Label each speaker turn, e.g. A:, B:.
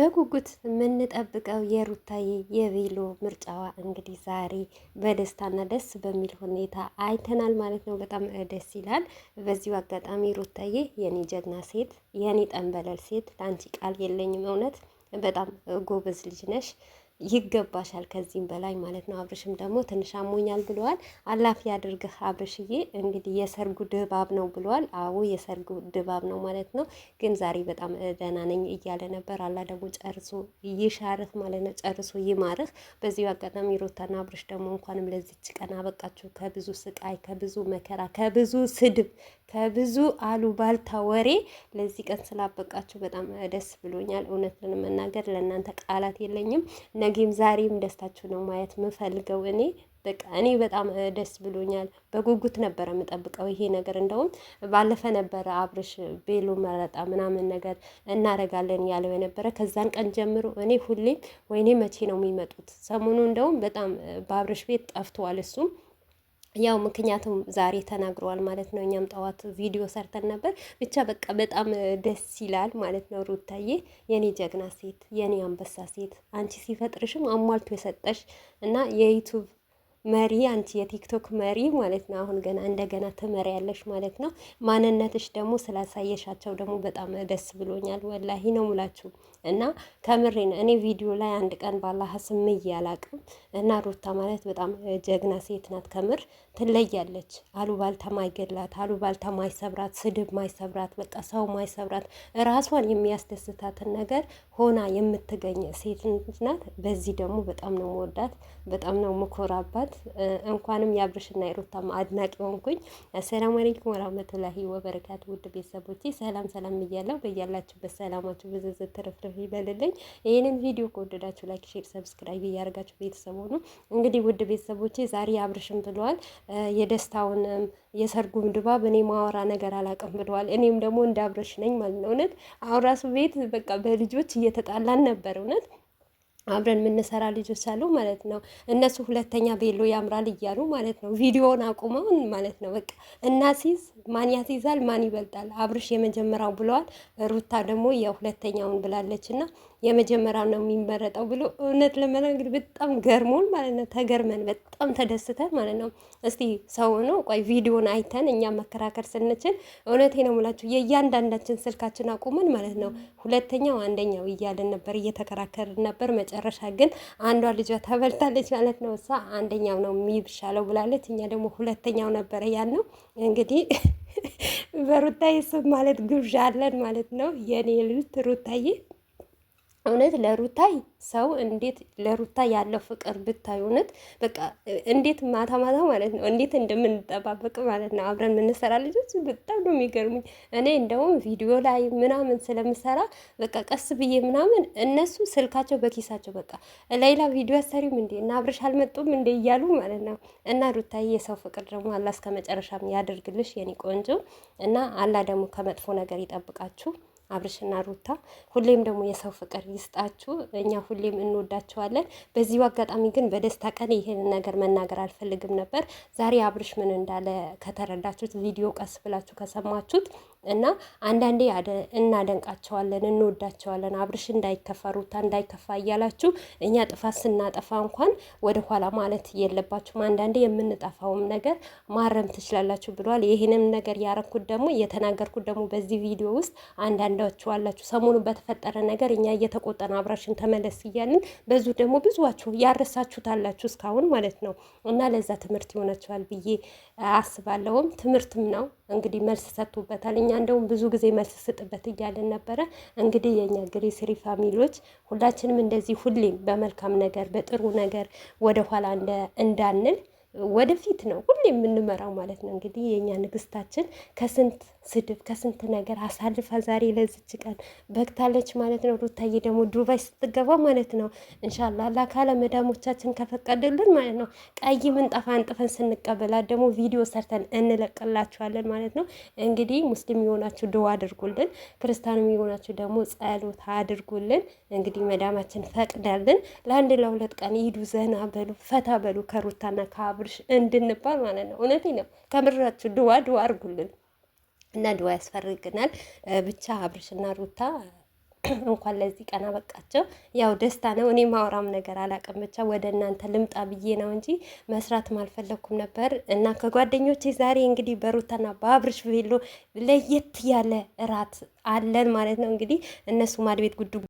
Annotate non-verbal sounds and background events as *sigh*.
A: በጉጉት የምንጠብቀው የሩታዬ የቬሎ ምርጫዋ እንግዲህ ዛሬ በደስታና ደስ በሚል ሁኔታ አይተናል ማለት ነው። በጣም ደስ ይላል። በዚሁ አጋጣሚ ሩታዬ የኔ ጀግና ሴት፣ የኔ ጠንበለል ሴት ለአንቺ ቃል የለኝም። እውነት በጣም ጎበዝ ልጅ ነሽ። ይገባሻል ከዚህም በላይ ማለት ነው። አብርሽም ደግሞ ትንሽ አሞኛል ብለዋል። አላፊ ያድርግህ አብርሽዬ። እንግዲህ የሰርጉ ድባብ ነው ብለዋል። አዎ የሰርጉ ድባብ ነው ማለት ነው። ግን ዛሬ በጣም ደህና ነኝ እያለ ነበር። አላ ደግሞ ጨርሶ ይሻርህ ማለት ነው። ጨርሶ ይማርህ። በዚሁ አጋጣሚ ሩታና አብርሽ ደግሞ እንኳንም ለዚች ቀን አበቃችሁ። ከብዙ ስቃይ፣ ከብዙ መከራ፣ ከብዙ ስድብ ከብዙ አሉባልታ ወሬ ለዚህ ቀን ስላበቃችሁ በጣም ደስ ብሎኛል። እውነት ለመናገር ለእናንተ ቃላት የለኝም። ነገም ዛሬም ደስታችሁ ነው ማየት የምፈልገው እኔ በቃ እኔ በጣም ደስ ብሎኛል። በጉጉት ነበረ የምጠብቀው ይሄ ነገር። እንደውም ባለፈ ነበረ አብርሽ ቤሎ መረጣ ምናምን ነገር እናረጋለን ያለው የነበረ። ከዛን ቀን ጀምሮ እኔ ሁሌም ወይኔ መቼ ነው የሚመጡት? ሰሞኑ እንደውም በጣም በአብርሽ ቤት ጠፍተዋል እሱም ያው ምክንያቱም ዛሬ ተናግረዋል ማለት ነው። እኛም ጠዋት ቪዲዮ ሰርተን ነበር። ብቻ በቃ በጣም ደስ ይላል ማለት ነው። ሩታዬ የኔ ጀግና ሴት፣ የኔ አንበሳ ሴት፣ አንቺ ሲፈጥርሽም አሟልቶ የሰጠሽ እና የዩቱብ መሪ አንቺ የቲክቶክ መሪ ማለት ነው። አሁን ገና እንደገና ትመሪያለሽ ማለት ነው። ማንነትሽ ደግሞ ስላሳየሻቸው ደግሞ በጣም ደስ ብሎኛል። ወላሂ ነው ሙላችሁ እና ከምሬን እኔ ቪዲዮ ላይ አንድ ቀን ባላህ ስምዬ አላቅም እና ሩታ ማለት በጣም ጀግና ሴት ናት። ከምር ትለያለች። አሉባልታ ማይገድላት፣ አሉባልታ ማይሰብራት፣ ስድብ ማይሰብራት፣ በቃ ሰው ማይሰብራት፣ ራሷን የሚያስደስታትን ነገር ሆና የምትገኝ ሴት ናት። በዚህ ደግሞ በጣም ነው መወዳት፣ በጣም ነው ምኮራባት። እንኳንም የአብርሽና የሩታም አድናቂ ሆንኩኝ። ሰላም አለይኩም ወራህመቱላሂ ወበረካቱ። ውድ ቤተሰቦቼ ሰላም ሰላም እያለሁ በያላችሁበት ሰላማችሁ ብዝዝት ትርፍርፍ ይበልልኝ። ይህንን ቪዲዮ ከወደዳችሁ ላይክ፣ ሼር፣ ሰብስክራይብ እያደርጋችሁ ቤተሰብ ሆኑ። እንግዲህ ውድ ቤተሰቦቼ ዛሬ አብርሽም ብለዋል የደስታውንም የሰርጉም ድባብ እኔ ማወራ ነገር አላውቅም ብለዋል። እኔም ደግሞ እንደ አብረሽ ነኝ ማለት ነው። እውነት አሁን ራሱ ቤት በቃ በልጆች እየተጣላን ነበር እውነት አብረን የምንሰራ ልጆች አሉ ማለት ነው። እነሱ ሁለተኛ ቤሎ ያምራል እያሉ ማለት ነው ቪዲዮን አቁመውን ማለት ነው። በቃ ሲዝ ማን ያስይዛል ማን ይበልጣል አብርሽ የመጀመሪያው ብለዋል፣ ሩታ ደግሞ የሁለተኛውን ብላለች። እና የመጀመሪያው ነው የሚመረጠው ብሎ እውነት ለመናገር በጣም ገርሞን ማለት ነው። ተገርመን በጣም ተደስተን ማለት ነው። እስቲ ሰው ነው ቆይ ቪዲዮን አይተን እኛ መከራከር ስንችል እውነቴ ነው ሙላችሁ የእያንዳንዳችን ስልካችን አቁመን ማለት ነው ሁለተኛው አንደኛው እያለን ነበር እየተከራከርን ነበር መጨ መጨረሻ ግን አንዷ ልጇ ተበልታለች ማለት ነው። እሷ አንደኛው ነው የሚብሻለው ብላለች። እኛ ደግሞ ሁለተኛው ነበረ ነው እንግዲህ በሩታዬ ስም ማለት ግብዣ አለን ማለት ነው። የኔ ልጅ ሩታዬ እውነት ለሩታይ ሰው እንዴት ለሩታ ያለው ፍቅር ብታይ እውነት በቃ እንዴት ማታ ማታ ማለት ነው እንዴት እንደምንጠባበቅ ማለት ነው አብረን የምንሰራ ልጆች በጣም ነው የሚገርሙኝ። እኔ እንደውም ቪዲዮ ላይ ምናምን ስለምሰራ በቃ ቀስ ብዬ ምናምን እነሱ ስልካቸው በኪሳቸው በቃ ሌላ ቪዲዮ አሰሪም እንዴ እና አብረሽ አልመጡም እንዴ እያሉ ማለት ነው። እና ሩታይ የሰው ፍቅር ደግሞ አላ እስከ መጨረሻም ያደርግልሽ የኔ ቆንጆ እና አላ ደግሞ ከመጥፎ ነገር ይጠብቃችሁ። አብርሽና ሩታ ሁሌም ደግሞ የሰው ፍቅር ይስጣችሁ። እኛ ሁሌም እንወዳችኋለን። በዚሁ አጋጣሚ ግን በደስታ ቀን ይህንን ነገር መናገር አልፈልግም ነበር። ዛሬ አብርሽ ምን እንዳለ ከተረዳችሁት ቪዲዮ ቀስ ብላችሁ ከሰማችሁት እና አንዳንዴ እናደንቃቸዋለን፣ እንወዳቸዋለን። አብርሽ እንዳይከፋ ሩታ እንዳይከፋ እያላችሁ እኛ ጥፋት ስናጠፋ እንኳን ወደ ኋላ ማለት የለባችሁም። አንዳንዴ የምንጠፋውም ነገር ማረም ትችላላችሁ ብለዋል። ይህንም ነገር ያረኩት ደግሞ የተናገርኩት ደግሞ በዚህ ቪዲዮ ውስጥ አንዳንዳችኋላችሁ አላችሁ። ሰሞኑ በተፈጠረ ነገር እኛ እየተቆጠን አብራሽን ተመለስ እያልን በዙ ደግሞ ብዙችሁ ያረሳችሁታላችሁ እስካሁን ማለት ነው እና ለዛ ትምህርት ይሆናቸዋል ብዬ አስባለሁም ትምህርትም ነው እንግዲህ መልስ ሰጥቶበታል። እኛ እንደውም ብዙ ጊዜ መልስ ስጥበት እያለን ነበረ። እንግዲህ የእኛ ግሪስሪ ፋሚሊዎች ሁላችንም እንደዚህ ሁሌም በመልካም ነገር በጥሩ ነገር ወደኋላ እንዳንል ወደፊት ነው ሁሌ የምንመራው ማለት ነው። እንግዲህ የእኛ ንግስታችን ከስንት ስድብ፣ ከስንት ነገር አሳልፋ ዛሬ ለዚች ቀን በቅታለች ማለት ነው። ሩታዬ ደግሞ ዱባይ ስትገባ ማለት ነው እንሻላ ላካለ መዳሞቻችን ከፈቀደልን ማለት ነው ቀይ ምንጣፍ አንጥፈን ስንቀበላት ደግሞ ቪዲዮ ሰርተን እንለቅላችኋለን ማለት ነው። እንግዲህ ሙስሊም የሆናችሁ ድዋ አድርጉልን፣ ክርስቲያንም የሆናችሁ ደግሞ ጸሎት አድርጉልን። እንግዲህ መዳማችን ፈቅዳልን ለአንድ ለሁለት ቀን ሂዱ፣ ዘና በሉ፣ ፈታ በሉ ከሩታና ከአብርሽ እንድንባል ማለት ነው። እውነቴ ነው። ከምድራችሁ ድዋ ድዋ አድርጉልን። እና ድዋ ያስፈርግናል። ብቻ አብርሽና ሩታ *clears throat* እንኳን ለዚህ ቀን አበቃቸው። ያው ደስታ ነው። እኔ ማውራም ነገር አላውቅም። ብቻ ወደ እናንተ ልምጣ ብዬ ነው እንጂ መስራትም አልፈለኩም ነበር እና ከጓደኞቼ ዛሬ እንግዲህ በሩታና በአብርሽ ቬሎ ለየት ያለ እራት አለን ማለት ነው። እንግዲህ እነሱ ማድቤት ጉዱ